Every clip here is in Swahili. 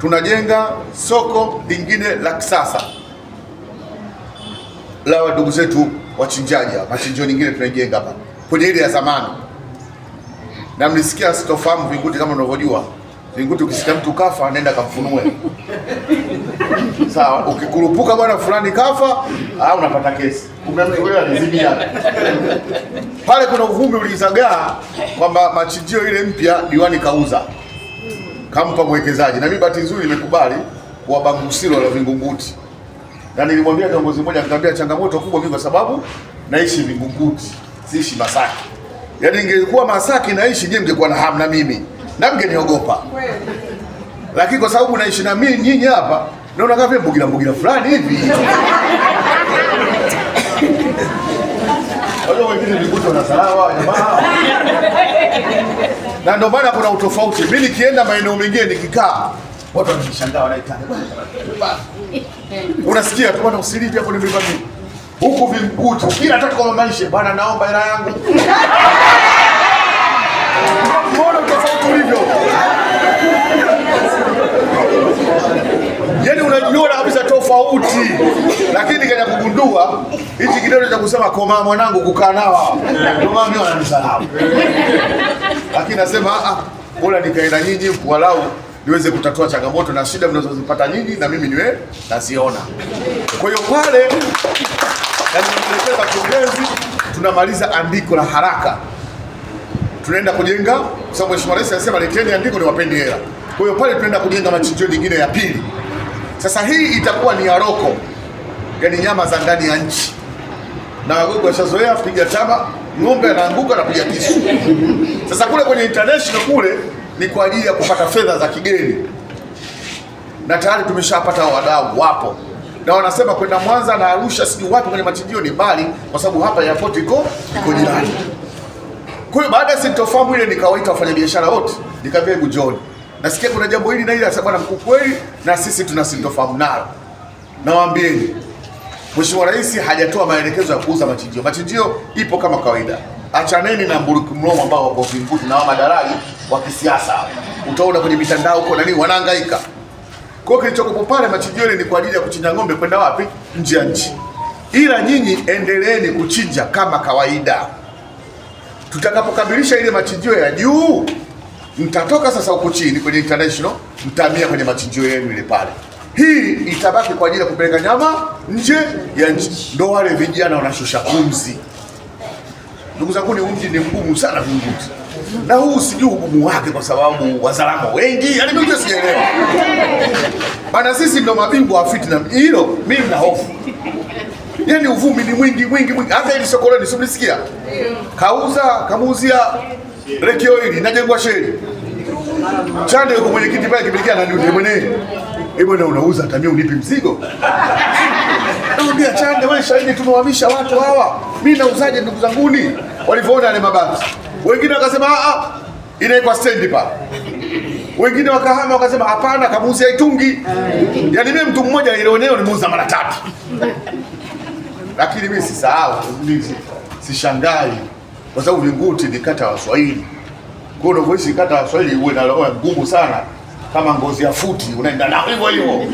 tunajenga soko lingine la kisasa la wadugu zetu wachinjaji. Machinjio nyingine tunajenga hapa kwenye ile ya zamani, na mlisikia sitofahamu Vinguti, kama unavyojua Vinguti, ukisikia mtu kafa anaenda kamfunue sawa. Ukikurupuka bwana fulani kafa, ah, unapata kesi anazimia pale. Kuna uvumi ulizagaa kwamba machinjio ile mpya diwani kauza kampa mwekezaji, na mimi bahati nzuri nimekubali bangu silo la Vingunguti, na nilimwambia kiongozi mmoja, nikamwambia changamoto kubwa mimi kwa sababu naishi Vingunguti, siishi Masaki. Yaani ingekuwa Masaki naishi, je, mngekuwa na hamu na mimi na mngeniogopa, lakini kwa sababu naishi na mimi nyinyi hapa, naona kama vile mbugila mbugila fulani hivi Na ndio maana kuna utofauti. Mimi nikienda maeneo mengine nikikaa watu wananishangaa wanaitana. Unasikia tu bwana usilipi hapo nimevaa mimi. Huku vimkuta kila nataka maisha bwana naomba hela yangu. Mbona utofauti ulivyo? tofauti, lakini kaja kugundua hichi kidole cha kusema koma mwanangu, kukaa nao ndio maana wananisahau, lakini nasema ah, ah, bora nikaenda nyinyi walau niweze kutatua changamoto na shida mnazozipata nyinyi na mimi niwe naziona. Kwa hiyo pale naelekeza yaani pongezi, tunamaliza andiko la haraka, tunaenda kujenga, kwa sababu Mheshimiwa Rais anasema leteni andiko wapendi hela. Kwa hiyo pale tunaenda kujenga machinjio nyingine ya pili. Sasa hii itakuwa ni aroko, yani nyama za ndani ya nchi, na Wagogo washazoea kupiga chama, ng'ombe anaanguka, anapiga kisu. Sasa kule kwenye international kule ni kwa ajili ya kupata fedha za kigeni, na tayari tumeshapata wadau wapo na wanasema kwenda Mwanza na Arusha sijui wapi kwenye machinjio ni mbali, kwa sababu hapa airport iko iko jirani. Kwa hiyo baada ya sintofahamu ile, nikawaita wafanyabiashara wote, nikaambia hebu nasikia kuna jambo hili na hili, asema bwana mkuu, kweli na sisi tuna sintofahamu nalo. Nawaambieni, Mheshimiwa Rais hajatoa maelekezo ya kuuza machinjio. Machinjio ipo kama kawaida. Achaneni na mburuki mlomo ambao wako vinguti na madalali wa kisiasa, utaona kwenye mitandao huko nani wanahangaika. Kwa hiyo kilichokupo pale machinjio ni kwa ajili ya kuchinja ng'ombe kwenda wapi? Nje ya nchi. Ila nyinyi endeleeni kuchinja kama kawaida. Tutakapokamilisha ile machinjio ya juu mtatoka sasa huko chini kwenye international, mtamia kwenye machinjio yenu ile pale. Hii itabaki kwa ajili ya kupeleka nyama nje ya nchi. Ndo wale vijana wanashusha pumzi. Ndugu zangu, ni mji ni mgumu sana kuingiza, na huu sijui ugumu wake, kwa sababu wazalamo wengi, yani mimi sijaelewa bana. Sisi ndo mabingwa wa fitna, hilo mimi na hofu yani, uvumi ni mwingi mwingi mwingi. Hata ile sokoloni simlisikia kauza kamuzia rekio hili najengwa sheli. chande yuko kiti pale kibilikia nani mwenye? Hebu na eh, unauza hata mimi unipi mzigo. Naambia Chande, wewe shahidi, tumewahamisha watu hawa. Mimi nauzaje ndugu zanguni? Walivyoona yale mabasi. Wengine wakasema a ah, a ah, inaikwa stendi pa. Wengine wakahama wakasema hapana, kabusi haitungi. Yaani mimi mtu mmoja ile eneo nimeuza mara tatu. Lakini mimi sisahau, mimi sishangai kwa sababu Vingunguti ni kata ya Waswahili. Kwa hiyo unavyoishi kata ya Waswahili uwe na roho ngumu sana, kama ngozi ya futi unaenda nao hivyo hivyo.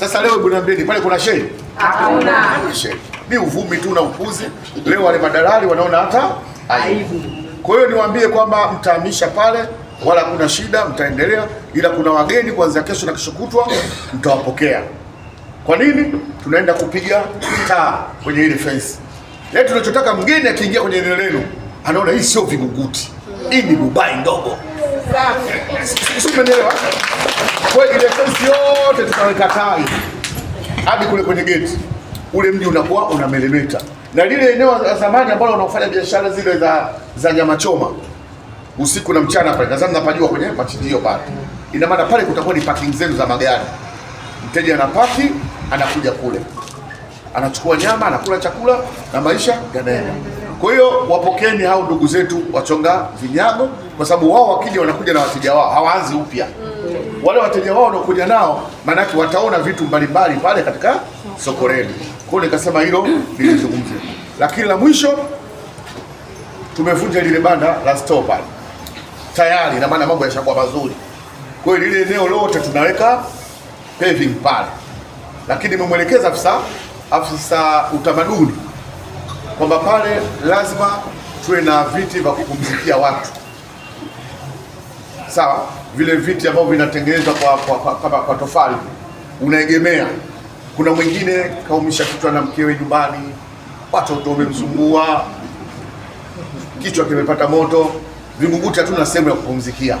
Sasa leo hebu niambieni, pale kuna shehe? Hakuna. shehe, Ni uvumi tu na upuzi. Leo wale madalali wanaona hata aibu. Kwa hiyo niwaambie kwamba mtahamisha pale wala kuna shida, mtaendelea, ila kuna wageni kuanzia kesho na kesho kutwa mtawapokea. Kwa nini? Tunaenda kupiga taa kwenye ile fence na yaani tunachotaka mgeni akiingia kwenye eneo lenu anaona hii sio vingunguti, hii ni Dubai ndogo. Umeelewa? Kwa ile sensi yote tunaweka tai hadi kule kwenye geti, ule mji unakuwa unamelemeta, na lile eneo la zamani ambalo wanaofanya biashara zile za za nyama choma usiku na mchana pale, nadhani napajua kwenye machinjio pale, ina maana pale kutakuwa ni parking zenu za magari, mteja anapaki anakuja kule anachukua nyama, anakula chakula na maisha yanaenda. Kwa hiyo wapokeni hao ndugu zetu wachonga vinyago, kwa sababu wao wakija wanakuja na wateja wao, hawaanzi upya wale wateja wao wanaokuja nao, maanake wataona vitu mbalimbali pale katika sokoreni. lenu. Kwa hiyo nikasema hilo nilizungumze, lakini la mwisho tumevunja lile banda la store pale tayari, na maana mambo yashakuwa mazuri. Kwa hiyo lile eneo lote tunaweka paving pale, lakini nimemwelekeza afisa afisa utamaduni kwamba pale lazima tuwe na viti vya kupumzikia watu, sawa, vile viti ambavyo vinatengenezwa kwa, kwa, kwa, kwa tofali unaegemea. Kuna mwingine kaumisha kichwa na mkewe nyumbani, watoto wamemsumbua, kichwa kimepata moto, Vingunguti hatuna sehemu ya kupumzikia.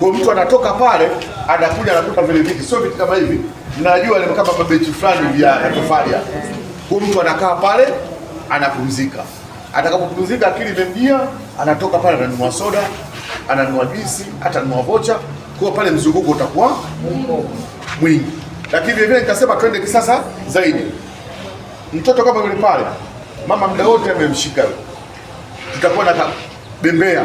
Kwa mtu anatoka pale anakuja anakuta vile viti sio viti kama hivi, najua ni kama mabechi fulani vya tofali hapo. Kwa mtu anakaa pale anapumzika, atakapopumzika akili imemjia, anatoka pale ananunua soda, ananunua juisi, hata anunua vocha. Kwa pale mzunguko utakuwa mwingi, lakini vile vile nikasema twende kisasa zaidi. Mtoto kama yule pale, mama muda wote amemshika, tutakuwa na bembea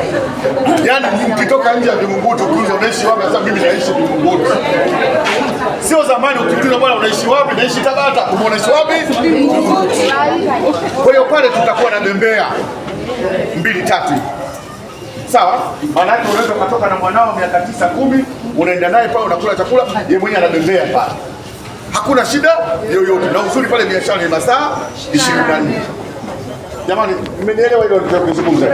yani ukitoka nje ya Vingunguti ukiuliza unaishi wapi? Sasa mimi naishi Vingunguti. Sio zamani ukiuliza bwana unaishi wapi? Naishi Tabata. Unaishi wapi? Kwa hiyo pale tutakuwa na bembea mbili tatu. Sawa? Maana yake unaweza kutoka na mwanao miaka tisa kumi, unaenda naye pale unakula chakula, yeye mwenyewe anabembea pale. Hakuna shida yoyote. Na uzuri pale biashara ni masaa 24. Jamani, mmenielewa hilo ndio kuzungumza.